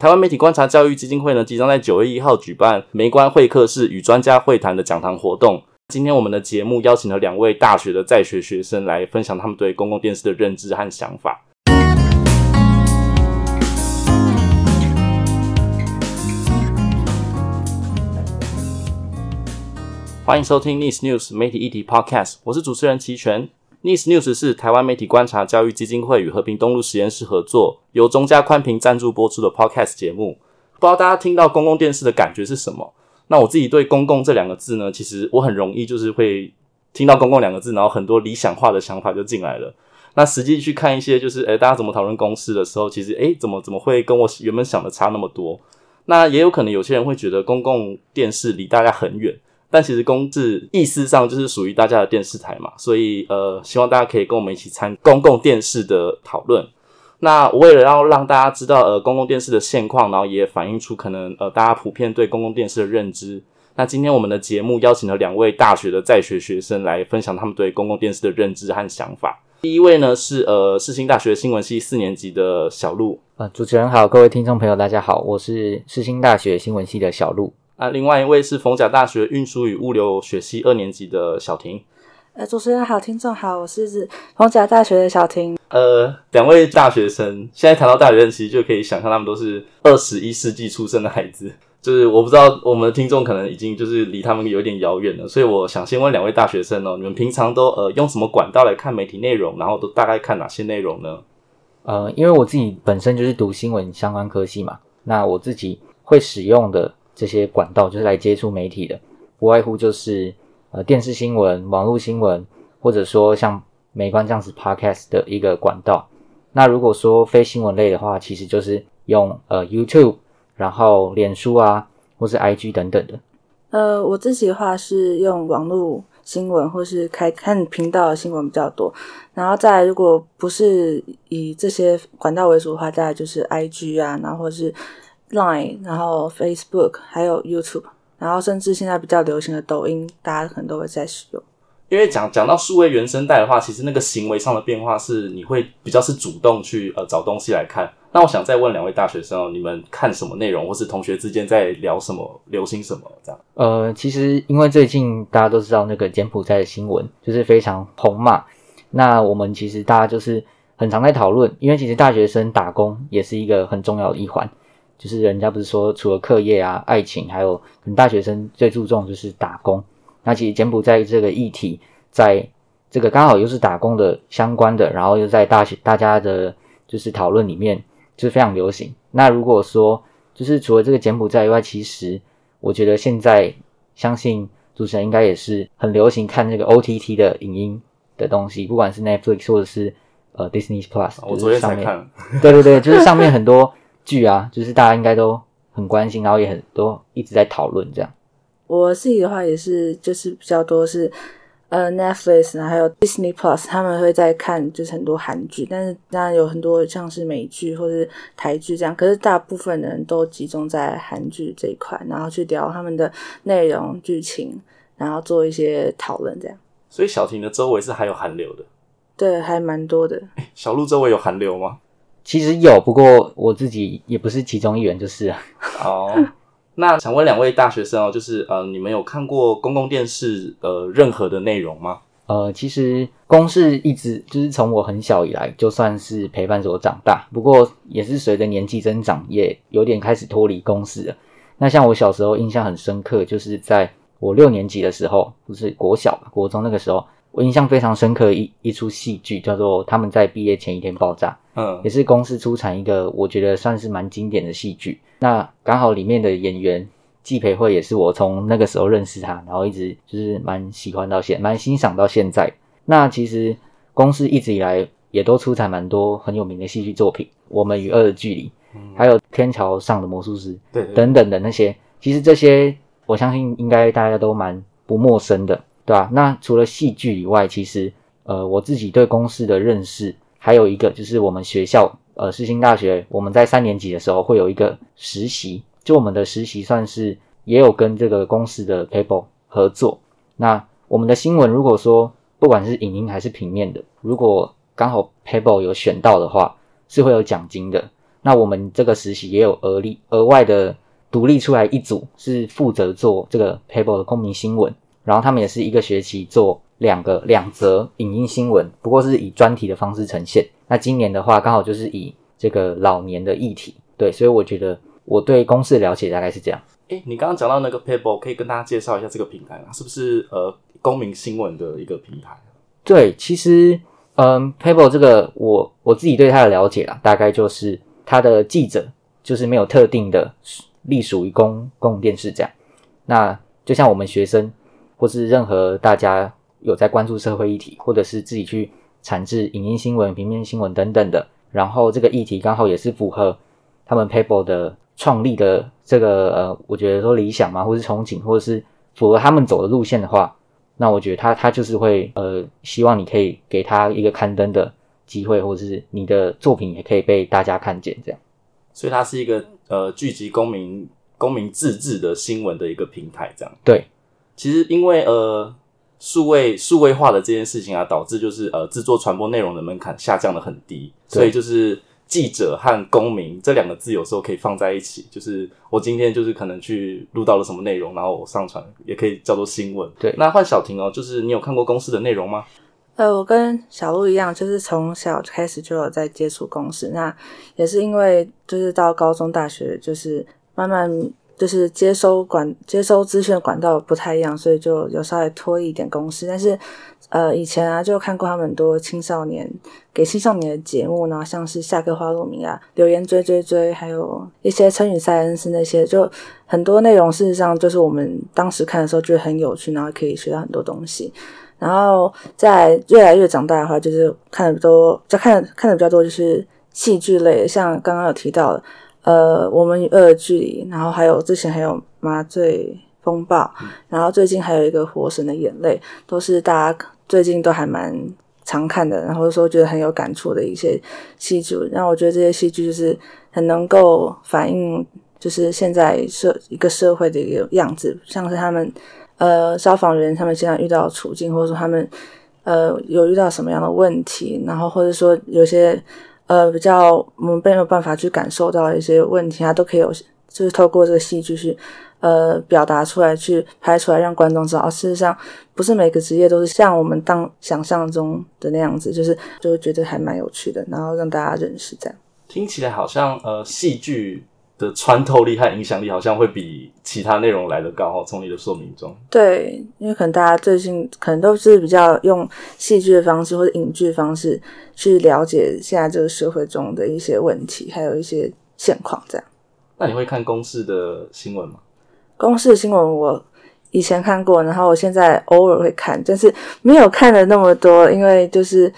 臺灣媒體觀察教育基金會呢，即將在九月一號舉辦“媒觀會客室”與專家會談的講堂活動。今天我們的節目邀請了兩位大學的在學學生來分享他們對公共電視的認知和想法。歡迎收聽《Niss News 媒體議題 Podcast》，我是主持人齊全。Nice News 是台灣媒體觀察教育基金會與和平東路實驗室合作，由中嘉寬頻贊助播出的 Podcast 節目。不知道大家聽到公共電視的感覺是什麼？那我自己對“公共”這兩個字呢，其實我很容易就是會聽到“公共”兩個字，然後很多理想化的想法就進來了。那實際去看一些，就是哎，大家怎麼討論公視的時候，其實哎，怎麼怎麼會跟我原本想的差那麼多？那也有可能有些人會覺得公共電視離大家很遠。但其實公視，意思上就是屬於大家的電視台嘛，所以呃，希望大家可以跟我們一起參與公共電視的討論。那為了要讓大家知道呃公共電視的現況，然後也反映出可能呃大家普遍對公共電視的認知。那今天我們的節目邀請了兩位大學的在學學生來分享他們對公共電視的認知和想法。第一位呢是呃世新大學新聞系四年級的小路。呃，主持人好，各位聽眾朋友大家好，我是世新大學新聞系的小路。啊，另外一位是逢甲大學運輸與物流學系二年級的小婷。呃，主持人好，聽眾好，我是逢甲大學的小婷。呃，兩位大學生，現在談到大學生，其實就可以想象他們都是二十一世紀出生的孩子。就是我不知道我們的聽眾可能已經就是離他們有點遙遠了，所以我想先問兩位大學生哦，你們平常都呃用什麼管道來看媒體內容，然後都大概看哪些內容呢？呃，因為我自己本身就是讀新聞相關科系嘛，那我自己會使用的。這些管道就是來接觸媒體的，不外乎就是呃電視新聞、網絡新聞，或者說像媒觀這樣子 podcast 的一個管道。那如果說非新聞類的話，其實就是用呃 YouTube，然後臉書啊，或是 IG 等等的。呃，我自己的話是用網絡新聞或是開看頻道的新聞比較多，然後再來如果不是以這些管道為主的話，再來就是 IG 啊，然後或是。Line，然後 Facebook，還有 YouTube，然後甚至現在比較流行的抖音，大家可能都會在使用。因為講講到數位原生代的話，其實那個行為上的變化是你會比較是主動去呃找東西來看。那我想再問兩位大學生哦，你們看什麼內容，或是同學之間在聊什麼，流行什麼這樣？呃，其實因為最近大家都知道那個柬埔寨的新聞就是非常紅嘛，那我們其實大家就是很常在討論，因為其實大學生打工也是一個很重要的一環。就是人家不是說，除了課業啊、愛情，還有可能大學生最注重就是打工。那其實柬埔寨這個議題，在這個剛好又是打工的相關的，然後又在大學大家的，就是討論裡面就是非常流行。那如果說就是除了這個柬埔寨以外，其實我覺得現在相信主持人應該也是很流行看這個 OTT 的影音的東西，不管是 Netflix 或者是呃 Disney Plus。上面我昨天才看。對對對，就是上面很多。 劇啊，就是大家應該都很關心啊，然後也很多都一直在討論這樣。我自己的話也是，就是比較多是呃 Netflix 啊，還有 Disney Plus，他們會在看就是很多韓劇，但是當然有很多像是美劇或者台劇這樣，可是大部分人都集中在韓劇這一塊，然後去聊他們的內容劇情，然後做一些討論這樣。所以曉庭的周圍是還有韓流的，對，還蠻多的。欸，小路周圍有韓流嗎？其實有，不過我自己也不是其中一員，就是。哦，oh, 那想問兩位大學生哦，就是呃，你們有看過公共電視呃任何的內容嗎？呃，其實公視一直就是從我很小以來，就算是陪伴着我長大。不過也是隨着年紀增長，也有點開始脫離公視了。那像我小時候印象很深刻，就是在我六年級的時候，不、就是國小、國中那個時候。我印象非常深刻的一一出戲劇叫做《他們在畢業前一天爆炸》，嗯，也是公視出產一個我覺得算是蠻經典的戲劇。那剛好裡面的演員紀培慧也是我從那個時候認識他，然後一直就是蠻喜歡到現蠻欣賞到現在。那其實公視一直以來也都出產蠻多很有名的戲劇作品，《我們與惡的距離》，嗯，還有《天橋上的魔術師》，對,對,對，等等的那些，其實這些我相信應該大家都蠻不陌生的。對啊，那除了戲劇以外，其實呃我自己對公視的認識還有一個就是，我們學校呃世新大學，我們在三年級的時候會有一個實習，就我們的實習算是也有跟這個公視的 PeoPo 合作。那我們的新聞如果說不管是影音還是平面的，如果剛好 PeoPo 有選到的話，是會有獎金的。那我們這個實習也有額利額外的獨立出來一組，是負責做這個 PeoPo 的公民新聞。然後他們也是一個學期做兩個兩則影音新聞，不過是以專題的方式呈現。那今年的話，剛好就是以這個老年的議題。對，所以我覺得我對公視的了解大概是這樣。哎，你剛剛講到那個 PeoPo 可以跟大家介紹一下這個平台嗎，是不是呃公民新聞的一個平台？對，其實嗯、呃、PeoPo 這個我我自己對它的了解啦，大概就是它的記者就是沒有特定的隸屬於公公共電視這樣。那就像我們學生。或是任何大家有在關注社會議題，或者是自己去產製影音新聞、平面新聞等等的，然後這個議題剛好也是符合他們 PeoPo 的創立的這個呃，我覺得說理想嘛，或是憧憬，或者是符合他們走的路線的話，那我覺得他他就是會呃，希望你可以給他一個刊登的機會，或者是你的作品也可以被大家看見這樣。所以它是一個呃，聚集公民公民自治的新聞的一個平台這樣。對。其實，因為呃，數位數位化的這件事情啊，導致就是呃，製作傳播內容的門檻下降得很低，對所以就是記者和公民這兩個字有時候可以放在一起。就是我今天就是可能去錄到了什麼內容，然後我上傳也可以叫做新聞。對，那換曉庭哦，喔，就是你有看過公視的內容嗎？呃，我跟小路一樣，就是從小開始就有在接觸公視，那也是因為就是到高中、大學，就是慢慢。就是接收管接收資訊管道不太一樣，所以就有稍微拖一點公司。但是，呃，以前啊就看過他們很多青少年給青少年的節目呢，然後像是《下課花路米》啊，《留言追追追》，還有一些《成語賽恩斯》那些，就很多內容事實上就是我們當時看的時候覺得很有趣，然後可以學到很多東西。然後在越來越長大的話，就是看的多，就看的看的比較多就是戲劇類，像剛剛有提到的。呃，我們與惡的距離，然後還有之前還有麻醉風暴，然後最近還有一個火神的眼淚，都是大家最近都還蠻常看的，然後說覺得很有感觸的一些戲劇。那我覺得這些戲劇就是很能夠反映，就是現在社一個社會的一個樣子，像是他們呃消防員他們經常遇到處境，或者說他們呃有遇到什麼樣的問題，然後或者說有些。呃，比較我們並沒有辦法去感受到一些問題，它都可以有，就是透過這個戲劇去，呃，表達出來，去拍出來，讓觀眾知道，啊，事實上不是每個職業都是像我們當想象中的那樣子，就是就覺得還蠻有趣的，然後讓大家認識這樣。聽起來好像呃，戲劇。穿透力和影響力好像會比其他內容來得高哦。從你的說明中，對，因為可能大家最近可能都是比較用戲劇的方式或者影劇的方式去了解現在這個社會中的一些問題，還有一些現況這樣。那你會看公視的新聞嗎？公視的新聞我以前看過，然後我現在偶爾會看，但是沒有看的那麼多，因為就是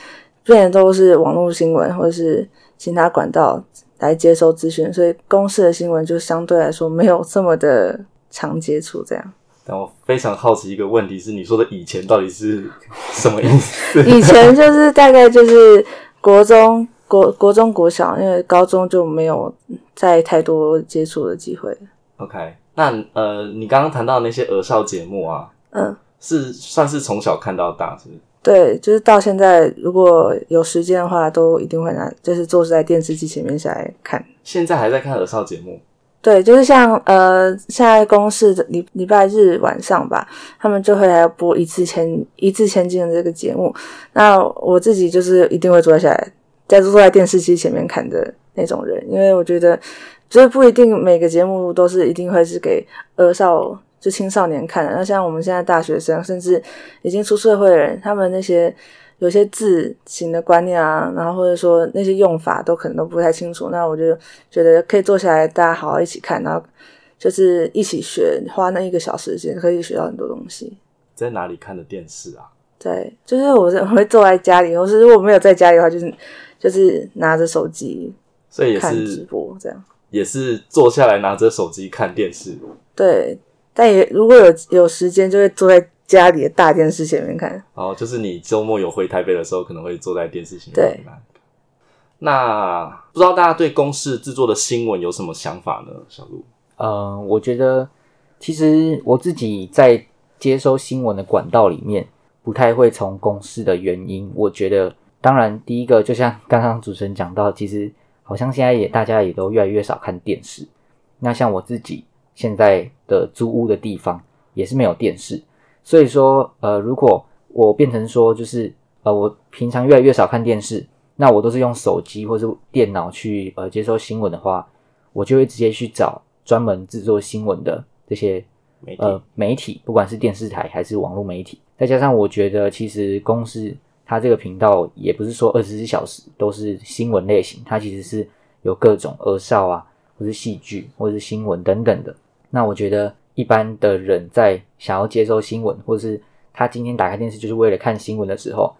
變得都是網絡新聞或是其他管道，來接受諮詢，所以公視的新聞就相對來說沒有這麼的常接觸。這樣，但我非常好奇一個問題，是你說的以前到底是什麼意思？ 以前就是大概就是國中 國國中國小，因為高中就沒有再太多接觸的機會。OK，那呃，你剛剛談到那些兒少節目啊，嗯、呃，是算是從小看到大，是不是？對，就是到現在，如果有時間的話，都一定會拿，就是坐在電視機前面下來看。現在還在看《兒少》節目？對，就是像呃，現在公視的禮禮拜日晚上吧，他們就會來播一字千《一字千、一字千金》的這個節目。那我自己就是一定會坐下來，在坐在電視機前面看的那種人，因為我覺得，就是不一定每個節目都是一定會是給兒少。就青少年看的，那像我們現在大學生，甚至已經出社會的人，他們那些有些字形的觀念啊，然後或者說那些用法，都可能都不太清楚。那我就覺得可以坐下來，大家好好一起看，然後就是一起學，花那一個小時時間，可以學到很多東西。在哪裡看的電視啊？對，就是我是我會坐在家裡，或是如果沒有在家裡的話，就是就是拿着手機看，所以也是直播這樣，也是坐下來拿着手機看電視。對。但也如果有有時間，就會坐在家裡的大電視前面看。哦，就是你週末有回台北的時候，可能會坐在電視前面看。對那不知道大家對公視製作的新聞有什麼想法呢？小路。呃，我覺得其實我自己在接收新聞的管道裡面，不太會從公視的原因。我覺得，當然第一個，就像剛剛主持人講到，其實好像現在也大家也都越來越少看電視。那像我自己現在。的租屋的地方也是沒有電視，所以說，呃，如果我變成說，就是呃，我平常越來越少看電視，那我都是用手機或是電腦去呃接收新聞的話，我就會直接去找專門制作新聞的這些媒呃媒體，不管是電視台還是網絡媒體。再加上我覺得，其實公視它這個頻道也不是說二十四小時都是新聞類型，它其實是有各種兒少啊，或是戲劇，或是新聞等等的。那我覺得，一般的人在想要接收新聞，或者是他今天打開電視就是為了看新聞的時候，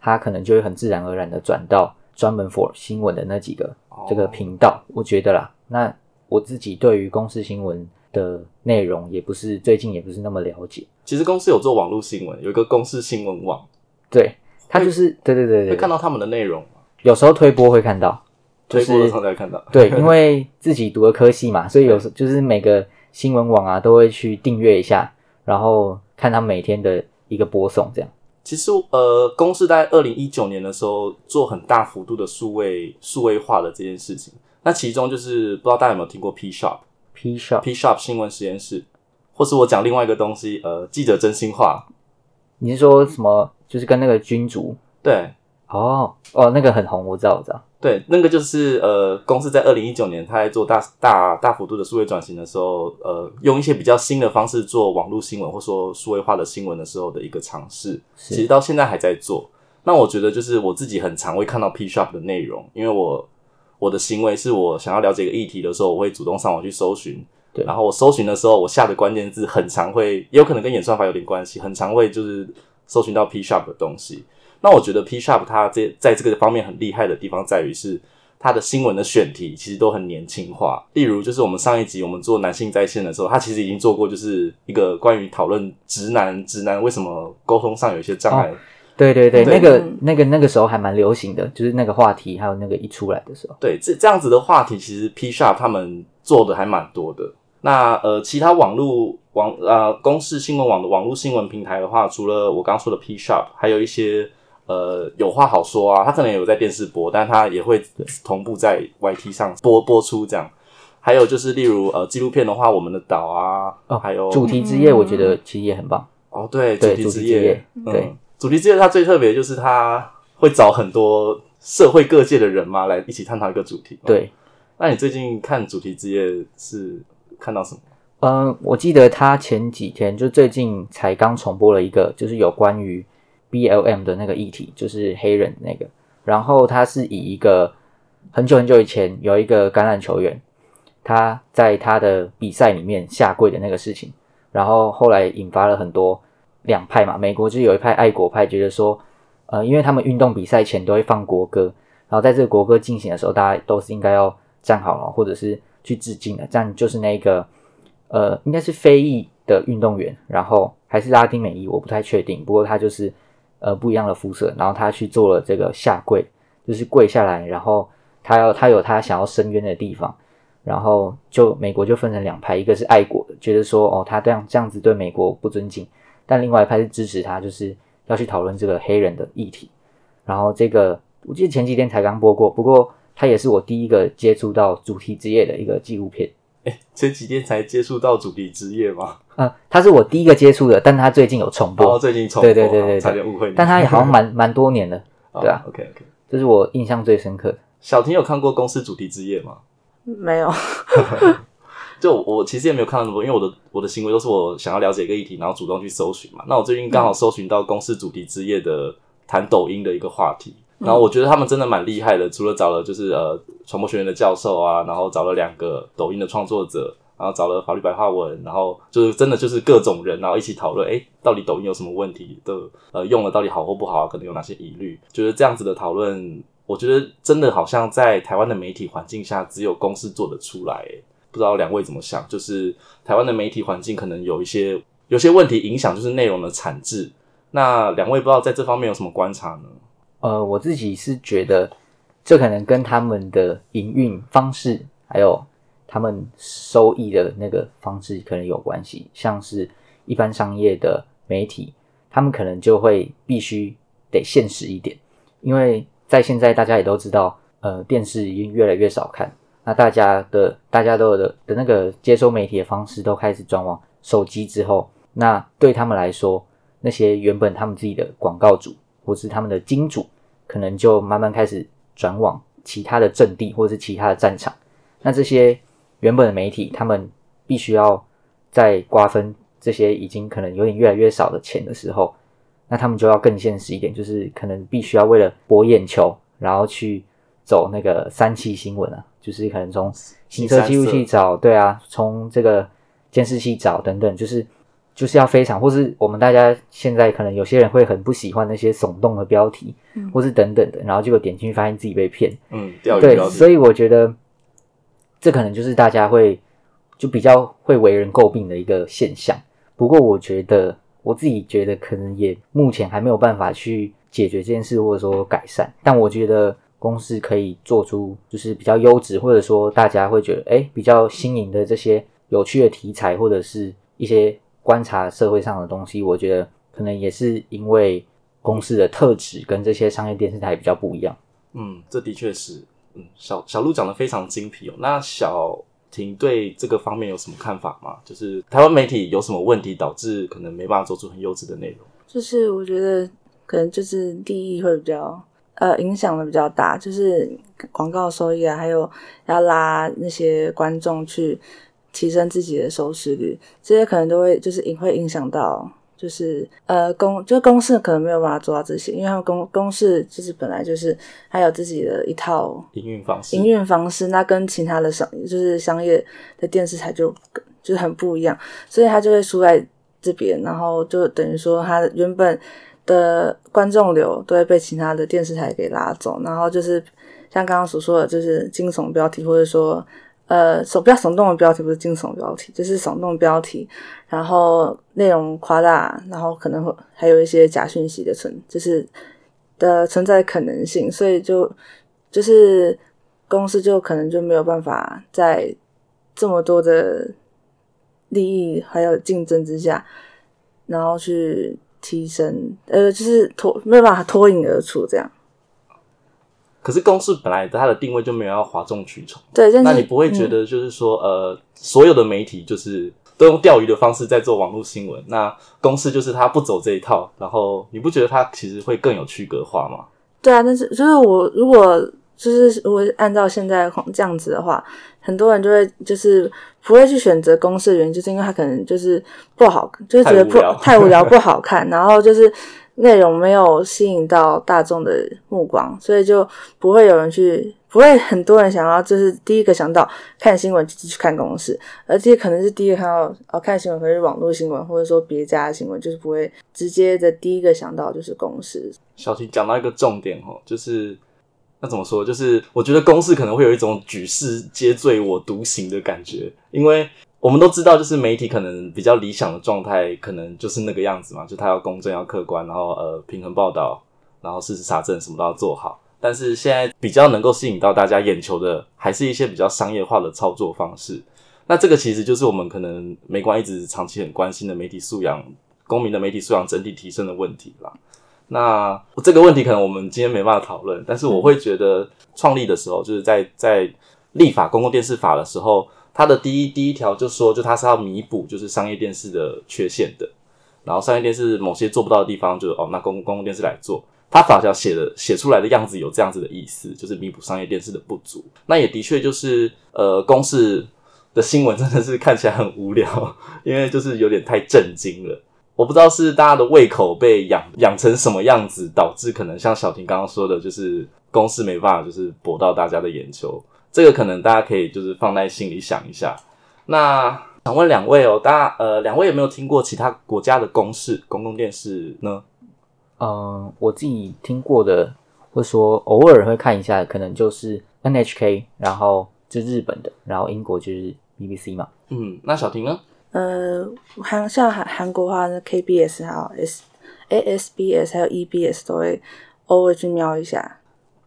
他可能就會很自然而然的轉到專門 for 新聞的那幾個這個頻道。哦、我覺得啦，那我自己對於公視新聞的內容也不是最近也不是那麼了解。其實公視有做網絡新聞，有一個公視新聞網，對，他就是對以對對對，會看到他們的內容，有時候推播會看到，就是、推播的時候才會看到。 對，因為自己讀的科系嘛，所以有時對就是每個。新聞網啊，都會去訂閱一下，然後看他每天的一個播送這樣。其實呃，公視在二零一九年的時候做很大幅度的數位數位化的這件事情，那其中就是不知道大家有沒有聽過 P#，P#，P# 新聞實驗室，或是我講另外一個東西，呃，記者真心話。你是說什麼？就是跟那個君竹？對，哦哦，那個很紅，我知道，我知道。對，那個就是呃，公視在二零一九年，他在做大大大幅度的數位轉型的時候，呃，用一些比較新的方式做網絡新聞，或說數位化的新聞的時候的一個嘗試，是其實到現在還在做。那我覺得就是我自己很常會看到 P# 的內容，因為我我的行為是我想要了解一個議題的時候，我會主動上網去搜尋，對，然後我搜尋的時候，我下的關鍵字很常會也有可能跟演算法有點關係，很常會就是搜尋到 P# 的東西。那我覺得 P# 它這在，在這個方面很厲害的地方，在於是它的新聞的選題其實都很年輕化。例如，就是我們上一集我們做男性在線的時候，它其實已經做過就是一個關於討論直男直男為什麼溝通上有一些障礙。哦、對對對，對對那個那，那個那個時候還蠻流行的，就是那個話題，還有那個一出來的時候。對，這這樣子的話題，其實 P# 他們做的還蠻多的。那呃，其他網絡網呃，公視新聞網的網絡新聞平台的話，除了我剛，剛說的 P#，還有一些。呃，有話好說啊，他可能也有在電視播，但他也會同步在 YT 上播對播出這樣。還有就是，例如呃，紀錄片的話，《我們的島》啊，哦，還有主題之夜，我覺得其實也很棒。哦，對，對主題之夜，對，主題之夜，它、嗯、對最特別就是它會找很多社會各界的人嘛，來一起探討一個主題。哦、對，那你最近看主題之夜是看到什麼？嗯，我記得他前幾天就最近才剛重播了一個，就是有關於 BLM 的那個議題就是黑人的那個，然後他是以一個很久很久以前有一個橄欖球員，他在他的比賽裡面下跪的那個事情，然後後來引發了很多兩派嘛。美國就是有一派愛國派覺得說，呃，因為他們運動比賽前都會放國歌，然後在這個國歌進行的時候，大家都是應該要站好了，或者是去致敬的。這樣就是那個呃，應該是非裔的運動員，然後還是拉丁美裔，我不太確定。不過他就是。呃，不一樣的膚色，然後，他去做了這個下跪，就是跪下來，然後他要他，有他想要申冤的地方，然後就美國就分成兩派，一個是愛國的，覺得說哦，他這樣這樣子對美國不尊敬，但另外一派是支持他，就是要去討論這個黑人的議題，然後這個我記得前幾天才剛播過，不過它也是我第一個接觸到主題之夜的一個紀錄片。哎、欸，前幾天才接觸到主題之夜嗎？嗯，他是我第一個接觸的，但他最近有重播，哦，最近重播，對對，對對對對，差點誤會你，但他也好像蠻 蠻多年的，對啊、哦、OK OK，這是我印象最深刻的。小婷有看過公視主題之夜嗎？沒有， 就我，我其實也沒有看到很多，因為我的我的行為都是我想要了解一個議題，然後主動去搜尋嘛。那我最近剛好搜尋到公視主題之夜的、嗯、談抖音的一個話題。然後我覺得他們真的蠻厲害的，除了找了就是呃傳播學院的教授啊，然後找了兩個抖音的創作者，然後找了法律白話文，然後就是真的就是各種人，然後一起討論，哎，到底抖音有什麼問題的，呃，用了到底好或不好啊，可能有哪些疑慮？覺得這樣子的討論，我覺得真的好像在台灣的媒體環境下，只有公視做得出來。不知道兩位怎麼想？就是台灣的媒體環境可能有一些有些問題影響，就是內容的產製。那兩位不知道在這方面有什麼觀察呢？呃，我自己是覺得，這可能跟他們的營運方式，還有他們收益的那個方式可能有關係。像是一般商業的媒體，他們可能就會必須得現實一點，因為在現在大家也都知道，呃，電視已經越來越少看。那大家的大家都有的的那個接收媒體的方式都開始轉往手機之後，那對他們來說，那些原本他們自己的廣告主。或是他們的金主，可能就慢慢開始轉往其他的陣地，或者是其他的戰場。那這些原本的媒體，他們必須要在瓜分這些已經可能有點越來越少的錢的時候，那他們就要更現實一點，就是可能必須要為了博眼球，然後去走那個三器新聞啊，就是可能從行車記錄器找，對啊，從這個監視器找等等，就是。就是要非常，或是我們大家現在可能有些人會很不喜歡那些聳動的標題，嗯、或是等等的，然後就點進去發現自己被騙。嗯，對，所以我覺得這可能就是大家會就比較會為人詬病的一個現象。不過，我覺得我自己覺得可能也目前還沒有辦法去解決這件事，或者說改善。但我覺得公視可以做出就是比較優質，或者說大家會覺得誒比較新穎的這些有趣的題材，或者是一些。觀察社會上的東西，我覺得可能也是因為公視的特質跟這些商業電視台比較不一樣。嗯，這的確是。嗯，小小路講得非常精闢哦。那曉庭對這個方面有什麼看法嗎？就是台灣媒體有什麼問題導致可能沒辦法做出很優質的內容？就是我覺得可能就是利益會比較呃影響的比較大，就是廣告收益啊，還有要拉那些觀眾去，提升自己的收視率，這些可能都會就是影會影響到、就是呃，就是呃公就是公司可能沒有辦法做到這些，因為他們公公司就是本來就是還有自己的一套營運方式，營運方式那跟其他的商就是商業的電視台就就是、很不一樣，所以它就會輸在這邊，然後就等於說它原本的觀眾流都會被其他的電視台給拉走，然後就是像剛剛所說的，就是驚悚標題或者說。呃，手不要聳動的標題不是驚悚的標題，就是聳動標題。然後內容誇大，然後可能還有一些假訊息的存，就是的存在可能性。所以就就是公視就可能就沒有辦法在這麼多的利益還有競爭之下，然後去提升，呃，就是脫沒有辦法脫穎而出這樣。可是公視本來的它的定位就沒有要嘩眾取寵，對，那你不會覺得就是說、嗯、呃，所有的媒體就是都用釣魚的方式在做網絡新聞，那公視就是它不走這一套，然後你不覺得它其實會更有區隔化嗎？對啊，但是就是我如果就是如果按照現在這樣子的話，很多人就會就是不會去選擇公視的原因，就是因為它可能就是不好，就是覺得不太無聊不好看，然後就是。內容沒有吸引到大眾的目光，所以就不會有人去，不會很多人想要，就是第一個想到看新聞就去看公視，而且可能是第一個看到哦，看新聞，可能是網絡新聞或者說別家的新聞，就是不會直接的第一個想到就是公視。曉庭講到一個重點哦，就是那怎麼說？就是我覺得公視可能會有一種舉世皆醉我獨醒的感覺，因為。我們都知道，就是媒體可能比較理想的狀態，可能就是那個樣子嘛，就他要公正、要客觀，然後呃平衡報道，然後事實查證什麼都要做好。但是現在比較能夠吸引到大家眼球的，還是一些比較商業化的操作方式。那這個其實就是我們可能媒觀一直長期很關心的媒體素養、公民的媒體素養整體提升的問題了。那這個問題可能我們今天沒辦法討論，但是我會覺得創立的時候，嗯、就是在在立法公共電視法的時候。它的第一第一條就說，就它是要彌補就是商業電視的缺陷的，然後商業電視某些做不到的地方就，就是哦，那公公共電視來做。它法條寫的寫出來的樣子有這樣子的意思，就是彌補商業電視的不足。那也的確就是，呃，公視的新聞真的是看起來很無聊，因為就是有點太震驚了。我不知道是大家的胃口被養養成什麼樣子，導致可能像曉庭剛剛說的，就是公視沒辦法就是博到大家的眼球。這個可能大家可以就是放在心裡想一下。那想問兩位哦，大家呃，兩位有沒有聽過其他國家的公視，公共電視呢？嗯、呃，我自己聽過的，或說偶爾會看一下，可能就是 NHK，然後就是日本的，然後英國就是 BBC、e、嘛。嗯，那曉庭呢？呃，韓像韓韓國話呢，KBS 還有 SASBS、e、還有 EBS 都會偶爾去瞄一下。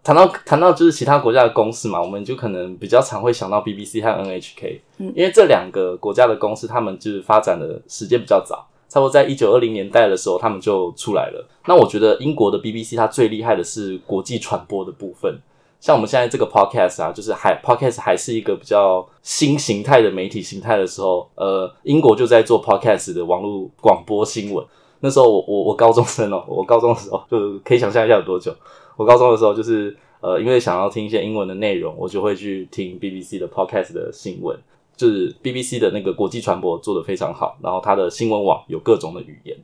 談到，談到就是其他國家的公視嘛，我們就可能比較常會想到 BBC 和 NHK，因為這兩個國家的公視，他們就是發展的時間比較早，差不多在一九二零年代的時候，他們就出來了。那我覺得英國的 BBC 它最厲害的是國際傳播的部分，像我們現在這個 Podcast 啊，就是還 Podcast 還是一個比較新形態的媒體形態的時候，呃，英國就在做 Podcast 的網絡廣播新聞。那時候我我我高中生哦、喔，我高中的時候就可以想象一下有多久。我高中的時候就是呃，因為想要聽一些英文的內容，我就會去聽 BBC 的 podcast 的新聞，就是 BBC 的那個國際傳播做得非常好，然後它的新聞網有各種的語言。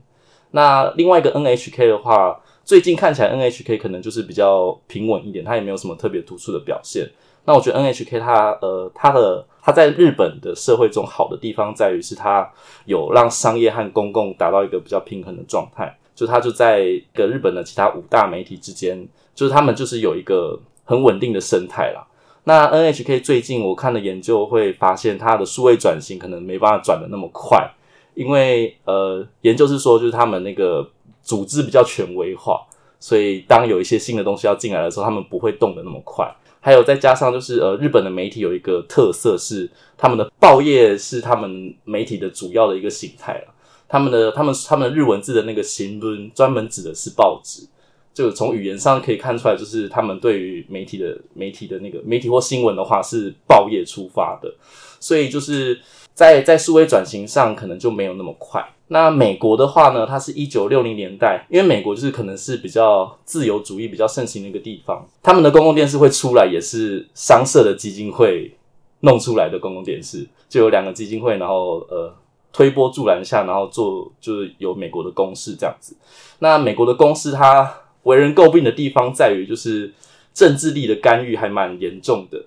那另外一個 NHK 的話，最近看起來 NHK 可能就是比較平穩一點，它也沒有什麼特別突出的表現。那我覺得 NHK 它呃它的它在日本的社會中好的地方在於是它有讓商業和公共達到一個比較平衡的狀態。就他就在跟日本的其他五大媒體之間，就是他們就是有一個很穩定的生態啦。那 NHK 最近我看的研究會發現，它的數位轉型可能沒辦法轉的那麼快，因為呃，研究是說就是他們那個組織比較權威化，所以當有一些新的東西要進來的時候，他們不會動的那麼快。還有再加上就是呃，日本的媒體有一個特色是，他們的報業是他們媒體的主要的一個形態了。他們的、他們、他們的日文字的那個新“新聞”專門指的是報紙，就從語言上可以看出來，就是他們對於媒體的、媒體的那個媒體或新聞的話是報業出發的，所以就是在在數位轉型上可能就沒有那麼快。那美國的話呢，它是一九六零年代，因為美國就是可能是比較自由主義比較盛行的一個地方，他們的公共電視會出來也是商社的基金會弄出來的公共電視，就有兩個基金會，然後呃。推波助瀾下，然後做就是有美國的公視這樣子。那美國的公視，它為人詬病的地方在於，就是政治力的干預還蠻嚴重的。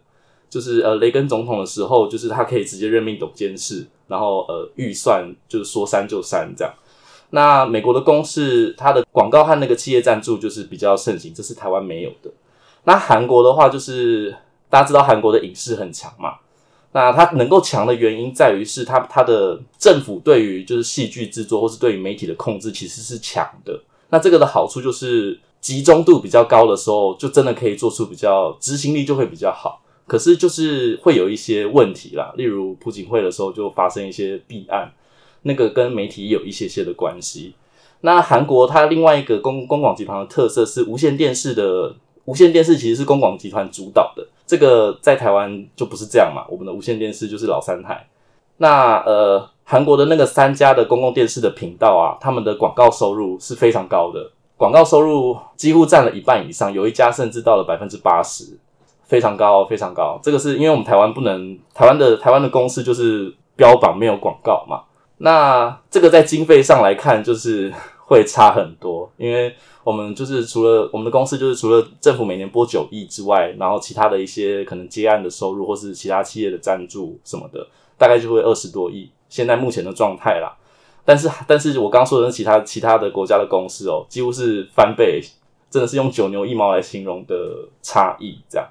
就是呃，雷根總統的時候，就是他可以直接任命董監事，然後呃，預算就是說刪就刪這樣。那美國的公視，他的廣告和那個企業贊助就是比較盛行，這是台灣沒有的。那韓國的話，就是大家知道韓國的影視很強嘛。那它能夠強的原因在於是它它的政府對於就是戲劇製作或是對於媒體的控制其實是強的。那這個的好處就是集中度比較高的時候，就真的可以做出比較，執行力就會比較好。可是就是會有一些問題啦，例如朴槿惠的時候就發生一些弊案，那個跟媒體有一些些的關係。那韓國它另外一個公公廣集團的特色是無線電視的，無線電視其實是公廣集團主導的。這個在台灣就不是這樣嘛，我們的無線電視就是老三台。那呃，韓國的那個三家的公共電視的頻道啊，他們的廣告收入是非常高的，廣告收入幾乎佔了一半以上，有一家甚至到了百分之八十，非常高，非常高。這個是因為我們台灣不能，台灣的台灣的公視就是標榜沒有廣告嘛，那這個在經費上來看就是會差很多，因為。我們就是除了我們的公視，就是除了政府每年撥九億之外，然後其他的一些可能接案的收入，或是其他企業的贊助什麼的，大概就會二十多億。現在目前的狀態啦，但是，但是我剛說的是其他其他的國家的公視哦，幾乎是翻倍，真的是用九牛一毛來形容的差異。這樣，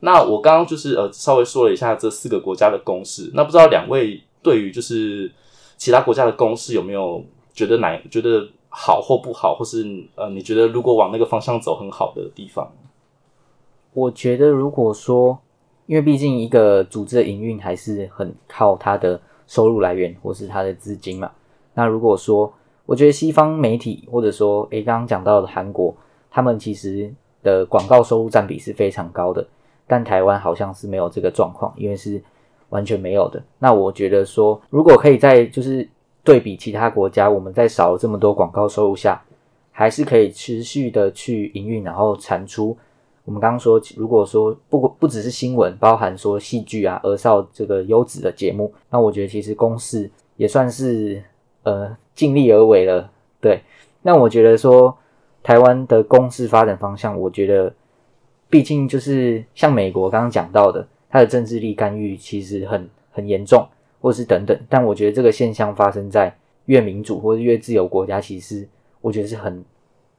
那我剛剛就是呃，稍微說了一下這四個國家的公視，那不知道兩位對於就是其他國家的公視有沒有覺得哪覺得？好或不好，或是呃，你覺得如果往那個方向走，很好的地方？我覺得如果說，因為畢竟一個組織的營運還是很靠它的收入來源或是它的資金嘛。那如果說，我覺得西方媒體或者說誒，剛剛講到的韓國，他們其實的廣告收入佔比是非常高的，但台灣好像是沒有這個狀況，因為是完全沒有的。那我覺得說，如果可以在就是。對比其他國家，我們在少了這麼多廣告收入下，還是可以持續的去營運，然後產出。我們剛剛說，如果說不不只是新聞，包含說戲劇啊、兒少這個優質的節目，那我覺得其實公視也算是呃盡力而為了。對，那我覺得說台灣的公視發展方向，我覺得畢竟就是像美國剛剛講到的，它的政治力干預其實很很嚴重。或是等等，但我覺得這個現象發生在越民主或者越自由國家，其實我覺得是很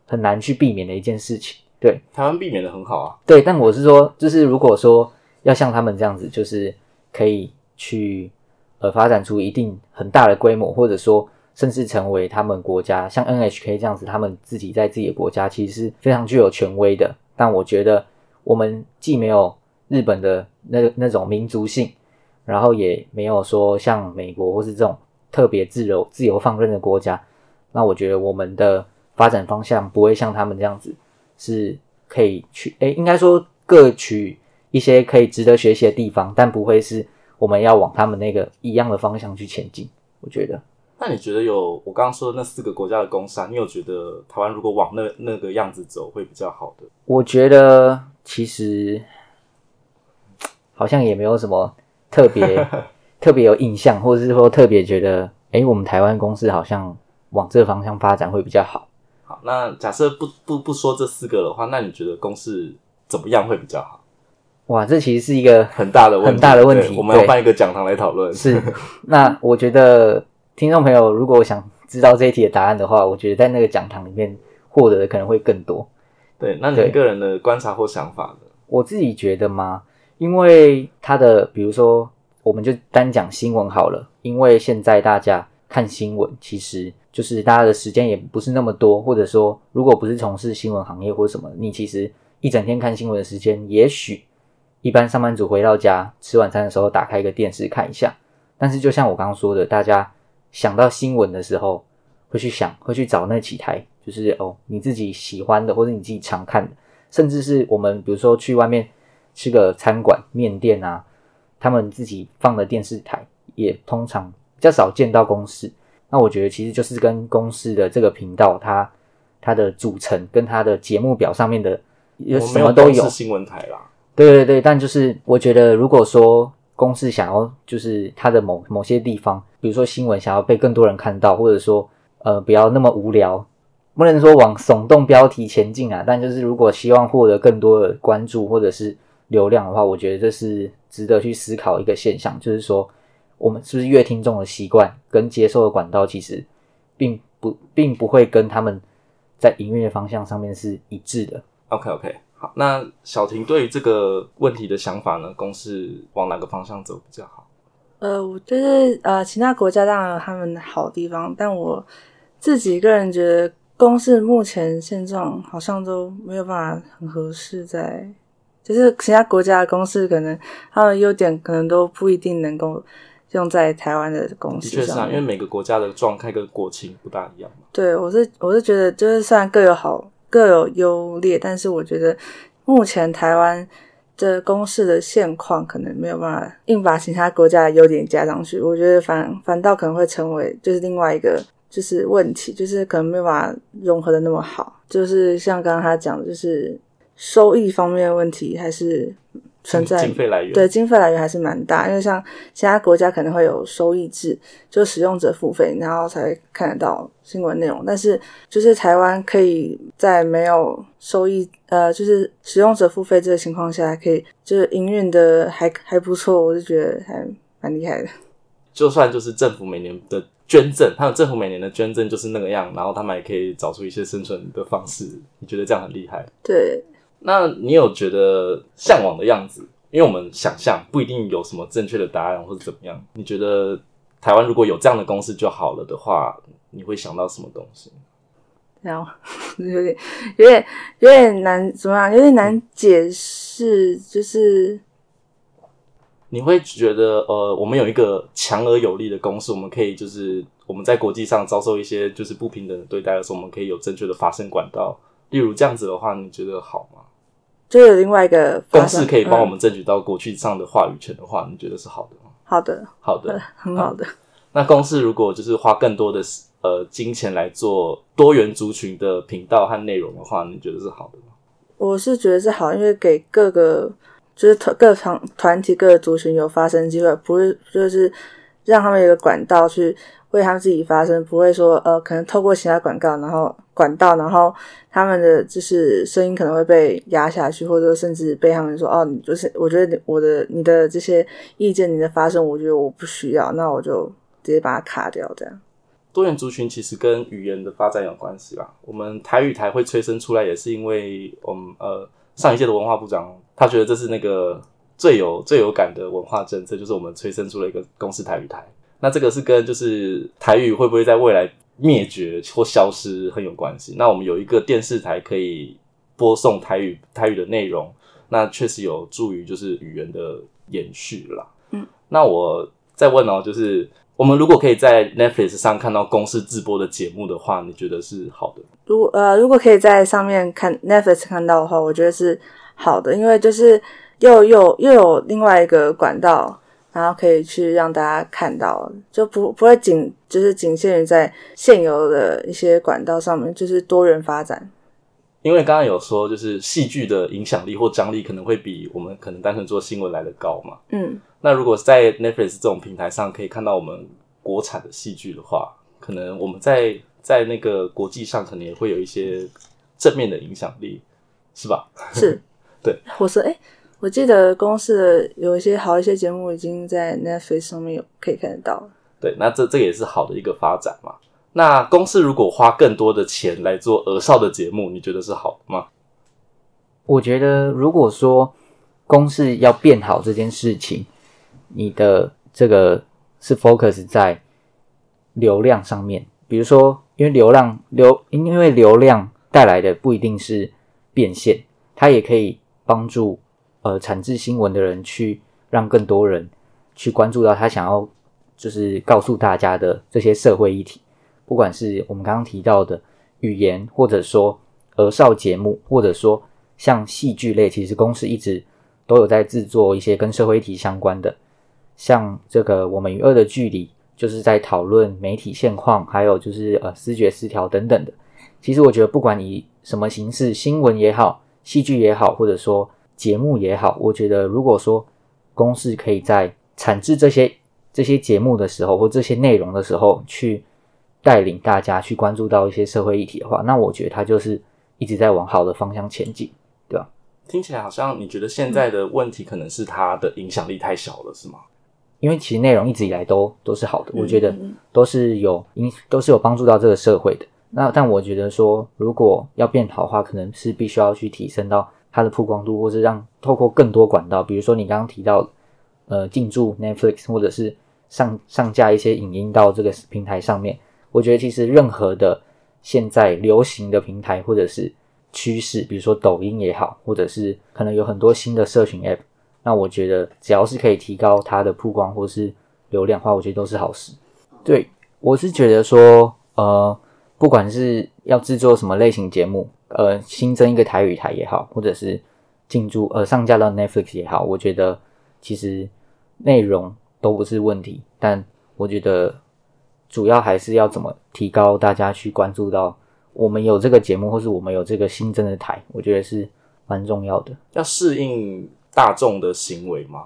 很難去避免的一件事情。對。台灣避免的很好啊。對，但我是說，就是如果說要像他們這樣子，就是可以去呃發展出一定很大的規模，或者說甚至成為他們國家，像 NHK 這樣子，他們自己在自己的國家其實是非常具有權威的。但我覺得我們既沒有日本的那個、那種民族性。然後也沒有說像美國或是這種特別自由，自由放任的國家，那我覺得我們的發展方向不會像他們這樣子，是可以去，哎，應該說各取一些可以值得學習的地方，但不會是我們要往他們那個一樣的方向去前進。我覺得。那你覺得有，我剛剛說的那四個國家的公視，你有覺得台灣如果往那那個樣子走會比較好的？我覺得其實好像也沒有什麼。特別特別有印象，或者是說特別覺得，誒、欸、我們台灣公視好像往這方向發展會比較好。好，那假設不不不說這四個的話，那你覺得公視怎麼樣會比較好？哇，這其實是一個很大的問題，很大的問題。對我們要辦一個講堂來討論。是，那我覺得聽眾朋友，如果想知道這一題的答案的話，我覺得在那個講堂裡面獲得的可能會更多。對，那你個人的觀察或想法呢？我自己覺得嗎？因為它的，比如說，我們就單講新聞好了。因為現在大家看新聞，其實就是大家的時間也不是那麼多，或者說，如果不是從事新聞行業或者什麼，你其實一整天看新聞的時間，也許一般上班族回到家吃晚餐的時候打開一個電視看一下。但是，就像我剛剛說的，大家想到新聞的時候，會去想，會去找那幾台，就是哦，你自己喜歡的，或者你自己常看的，甚至是我們比如說去外面。是個餐館、麵店啊，他們自己放的電視台也通常比較少見到公視。那我覺得其實就是跟公視的這個頻道，它它的組成跟它的節目表上面的有什麼都有，有新聞台啦。對對對，但就是我覺得，如果說公視想要，就是它的某某些地方，比如說新聞想要被更多人看到，或者說呃不要那麼無聊，不能說往聳動標題前進啊。但就是如果希望獲得更多的關注，或者是流量的話，我覺得這是值得去思考一個現象，就是說，我們是不是越聽眾的習慣跟接受的管道，其實並不並不會跟他們在音樂方向上面是一致的。OK OK，好，那小婷對於這個問題的想法呢，公視往哪個方向走比較好？呃，我覺得呃，其他國家當然有他們的好地方，但我自己個人覺得公視目前現狀好像都沒有辦法很合適在。就是其他國家的公視，可能它的優點可能都不一定能夠用在台灣的公視上。的確，是啊，因為每個國家的狀態跟國情不大一樣嘛。對，我是我是覺得，就是雖然各有好、各有優劣，但是我覺得目前台灣的公視的現況，可能沒有辦法硬把其他國家的優點加上去。我覺得反反倒可能會成為就是另外一個就是問題，就是可能沒有辦法融合的那麼好。就是像剛剛他講的，就是。收益方面的問題還是存在，經費來源，對，經費來源還是蠻大，因為像其他國家可能會有收益制，就使用者付費，然後才看得到新聞內容。但是就是台灣可以在沒有收益，呃，就是使用者付費這個情況下，可以就是營運的還還不錯，我就覺得還蠻厲害的。就算就是政府每年的捐贈，他們政府每年的捐贈就是那個樣，然後他們還可以找出一些生存的方式。你覺得這樣很厲害？對。那你有覺得向往的樣子？因為我們想象不一定有什麼正確的答案或者怎麼樣。你覺得台灣如果有這樣的公視就好了的話，你會想到什麼東西？這樣、嗯、 有點有點有點難，怎麼樣、啊？有點難解釋。就是你會覺得呃，我們有一個強而有力的公視，我們可以就是我們在國際上遭受一些就是不平等的對待的時候，我們可以有正確的發聲管道。例如這樣子的話，你覺得好嗎？就有另外一個公司可以幫我們爭取到國際上的話語權的話，嗯、你覺得是好的嗎？好的，好的，嗯、很好的。那公司如果就是花更多的呃金錢來做多元族群的頻道和內容的話，你覺得是好的嗎？我是覺得是好，因為給各個就是團各場團體各個族群有發聲機會，不是就是讓他們有一個管道去。為他們自己發聲，不會說呃，可能透過其他管道，然後管道，然後他們的就是聲音可能會被壓下去，或者甚至被他們說哦，你就是我覺得我的你的這些意見你的發聲，我覺得我不需要，那我就直接把它卡掉。這樣。多元族群其實跟語言的發展有關係吧？我們台語台會催生出來，也是因為我們呃上一屆的文化部長他覺得這是那個最有最有感的文化政策，就是我們催生出了一個公視台語台。那這個是跟就是台語會不會在未來滅絕或消失很有關係？那我們有一個電視台可以播送台語台語的內容，那確實有助於就是語言的延續啦。嗯，那我再問哦、喔，就是我們如果可以在 Netflix 上看到公視直播的節目的話，你覺得是好的？如果呃，如果可以在上面看 Netflix 看到的話，我覺得是好的，因為就是又又有又有另外一個管道。然後可以去讓大家看到，就不不會僅就是僅限於在現有的一些管道上面，就是多元發展。因為剛剛有說，就是戲劇的影響力或張力可能會比我們可能單純做新聞來得高嘛。嗯。那如果在 Netflix 這種平台上可以看到我們國產的戲劇的話，可能我們在在那個國際上可能也會有一些正面的影響力，是吧？是。 對。我說哎。欸我記得公視的有一些好一些節目已經在 Netflix 上面可以看得到了。對，那這這也是好的一個發展嘛。那公視如果花更多的錢來做兒少的節目，你覺得是好的嗎？我覺得，如果說公視要變好這件事情，你的這個是 focus 在流量上面，比如說，因為流量流，因為流量帶來的不一定是變現，它也可以幫助。呃，產製新聞的人去讓更多人去關注到他想要就是告訴大家的這些社會議題，不管是我們剛剛提到的語言、或者說兒少節目、或者說像戲劇類，其實公視一直都有在製作一些跟社會議題相關的，像這個我們與惡的距離，就是在討論媒體現況，還有就是呃思覺失調等等的。其實我覺得，不管以什麼形式，新聞也好，戲劇也好，或者說節目也好，我覺得如果說公視可以在產製這些這些節目的時候或這些內容的時候，去帶領大家去關注到一些社會議題的話，那我覺得它就是一直在往好的方向前進，對吧？聽起來好像你覺得現在的問題可能是它的影響力太小了，是嗎？因為其實內容一直以來都都是好的，我覺得都是有因，都是有幫助到這個社會的。那但我覺得說，如果要變好的話，可能是必須要去提升到。它的曝光度，或是讓透過更多管道，比如說你剛剛提到，呃，進駐 Netflix，或者是上上架一些影音到這個平台上面，我覺得其實任何的現在流行的平台或者是趨勢，比如說抖音也好，或者是可能有很多新的社群 App，那我覺得只要是可以提高它的曝光或是流量的話，我覺得都是好事。對，我是覺得說，呃，不管是要製作什麼類型節目。呃，新增一個台語台也好，或者是進駐呃上架到 Netflix 也好，我覺得其實內容都不是問題，但我覺得主要還是要怎麼提高大家去關注到我們有這個節目，或是我們有這個新增的台，我覺得是蠻重要的。要適應大眾的行為嗎？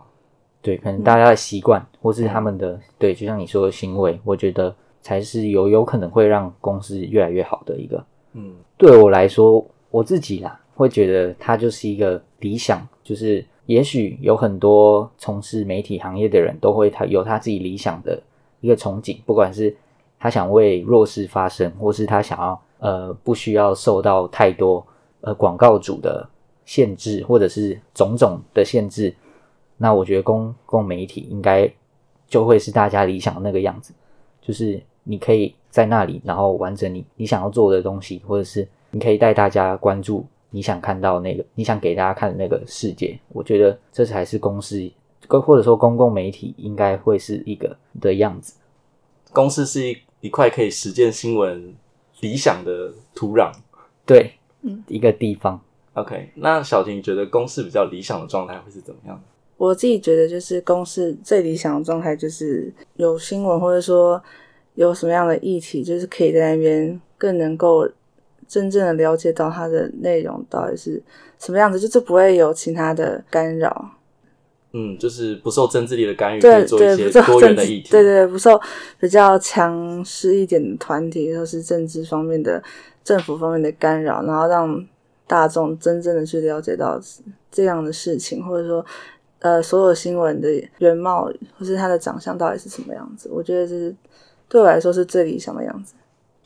對，可能大家的習慣或是他們的，對，就像你說的行為，我覺得才是有有可能會讓公視越來越好的一個。嗯，對我來說，我自己啦，會覺得它就是一個理想，就是也許有很多從事媒體行業的人都會他有他自己理想的一個憧憬，不管是他想為弱勢發聲，或是他想要呃不需要受到太多呃廣告主的限制，或者是種種的限制，那我覺得公共媒體應該就會是大家理想的那個樣子，就是。你可以在那裡，然後完成你你想要做的東西，或者是你可以帶大家關注你想看到那個你想給大家看的那個世界。我覺得這才是公視，或者說公共媒體應該會是一個的樣子。公視是一一塊可以實踐新聞理想的土壤，對，嗯，一個地方。OK，那曉庭你覺得公視比較理想的狀態會是怎麼樣的？我自己覺得就是公視最理想的狀態就是有新聞，或者說。有什麼樣的議題，就是可以在那邊更能夠真正的了解到它的內容到底是什麼樣子，就是不會有其他的干擾。嗯，就是不受政治力的干預，對可以做一些多元的議題。對，不受政治對，對對，不受比較強勢一點的團體或是政治方面的政府方面的干擾，然後讓大眾真正的去了解到這樣的事情，或者說，呃，所有新聞的原貌或者是他的長相到底是什麼樣子，我覺得這是。對我來說是最理想的樣子。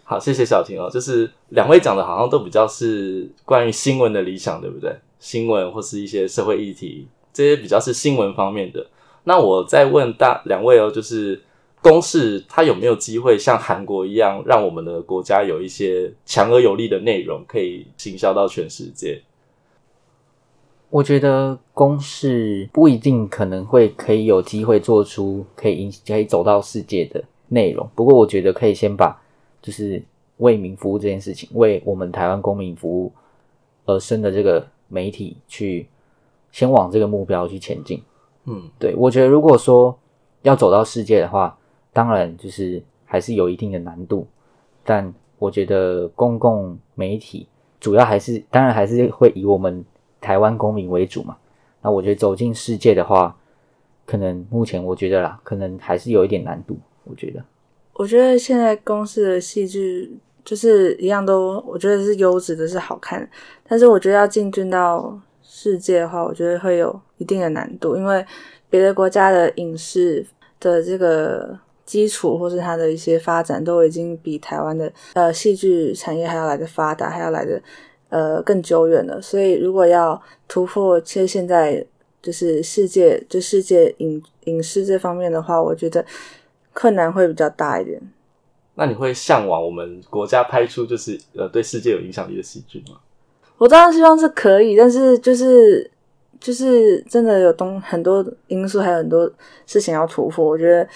好，謝謝曉庭哦。就是兩位講的好像都比較是關於新聞的理想，對不對？新聞或是一些社會議題，這些比較是新聞方面的。那我再問大兩位哦，就是公視它有沒有機會像韓國一樣，讓我們的國家有一些強而有力的內容可以行銷到全世界？我覺得公視不一定可能會可以有機會做出可以引可以走到世界的。內容，不過，我覺得可以先把就是為民服務這件事情，為我們台灣公民服務而生的這個媒體去先往這個目標去前進。嗯，對，我覺得如果說要走到世界的話，當然就是還是有一定的難度。但我覺得公共媒體主要還是當然還是會以我們台灣公民為主嘛。那我覺得走進世界的話，可能目前我覺得啦，可能還是有一點難度。我覺得，我覺得現在公視的戲劇就是一樣都，我覺得是優質的，是好看。但是我覺得要進軍到世界的話，我覺得會有一定的難度，因為別的國家的影視的這個基礎，或是它的一些發展，都已經比台灣的呃戲劇產業還要來得發達，還要來得呃更久遠了。所以如果要突破，其實現在就是世界，就世界影影視這方面的話，我覺得。困難會比較大一點，那你會嚮往我們國家拍出就是呃對世界有影響力的戲劇嗎？我當然希望是可以，但是就是就是真的有東很多因素，還有很多事情要突破。我覺得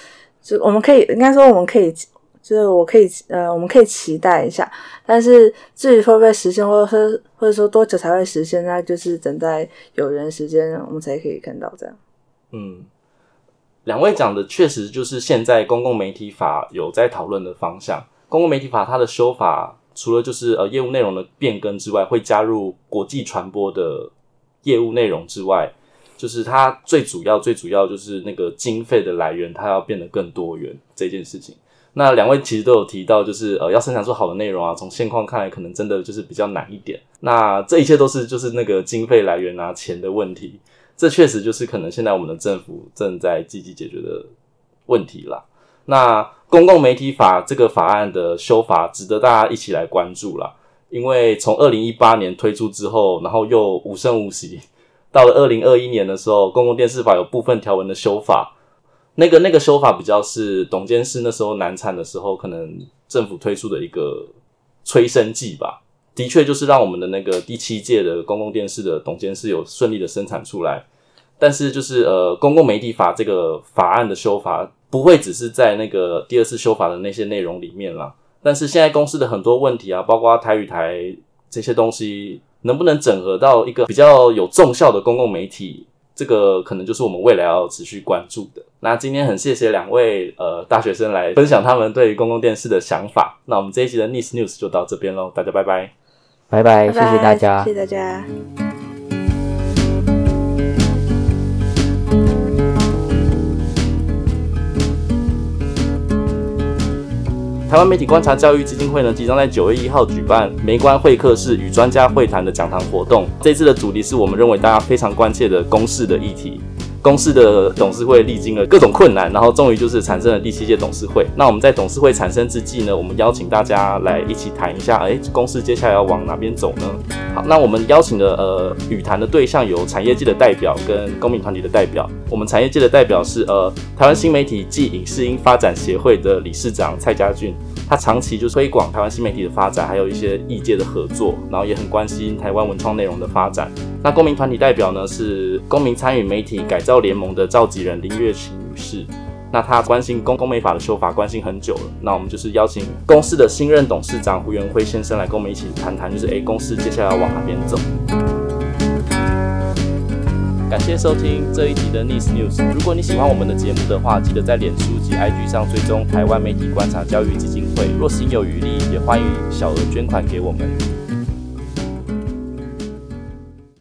就我們可以應該說我們可以就是我可以呃我們可以期待一下，但是至於會不會實現，或者或者說多久才會實現，那就是等在有人時間我們才可以看到這樣。嗯。兩位講的確實就是現在公共媒體法有在討論的方向。公共媒體法它的修法，除了就是呃業務內容的變更之外，會加入國際傳播的業務內容之外，就是它最主要最主要就是那個經費的來源，它要變得更多元這件事情。那兩位其實都有提到，就是呃要生產出好的內容啊，從現況看來，可能真的就是比較難一點。那這一切都是就是那個經費來源啊，錢的問題。這確實就是可能現在我們的政府正在積極解決的問題啦，那公共媒體法這個法案的修法值得大家一起來關注啦，因為從二零一八年推出之後，然後又無聲無息，到了二零二一年的時候，公共電視法有部分條文的修法，那個那個修法比較是董監事那時候難產的時候，可能政府推出的一個催生劑吧。的確就是讓我們的那個第七屆的公共電視的董監事有順利的生產出來，但是就是呃公共媒體法這個法案的修法不會只是在那個第二次修法的那些內容裡面啦，但是現在公司的很多問題啊，包括台語台這些東西能不能整合到一個比較有重效的公共媒體，這個可能就是我們未來要持續關注的。那今天很謝謝兩位呃大學生來分享他們對於公共電視的想法。那我們這一集的 Nice News 就到這邊嘍，大家拜拜。拜拜，拜拜，謝謝大家，謝謝大家。台灣媒體觀察教育基金會呢，即將在九月一號舉辦“媒觀會客室”與專家會談的講堂活動。這次的主題是我們認為大家非常關切的公視的議題。公視的董事會歷經了各種困難，然後終於就是產生了第七屆董事會。那我們在董事會產生之際呢，我們邀請大家來一起談一下，哎，公視接下來要往哪邊走呢？好，那我們邀請的呃，與談的對象有產業界的代表跟公民團體的代表。我們產業界的代表是呃，台灣新媒體暨影視音發展協會的理事長蔡嘉駿。他長期就是推廣台灣新媒體的發展，還有一些業界的合作，然後也很關心台灣文創內容的發展。那公民團體代表呢，是公民參與媒體改造聯盟的召集人林月琴女士，那她關心公共媒法的修法關心很久了。那我們就是邀請公視的新任董事長胡元輝先生來跟我們一起談談，就是哎，公視接下來要往哪邊走。感謝收聽這一集的《NISS News》。如果你喜歡我們的節目的話，記得在臉書及 IG 上追蹤台灣媒體觀察教育基金會。若心有餘力，也歡迎小額捐款給我們。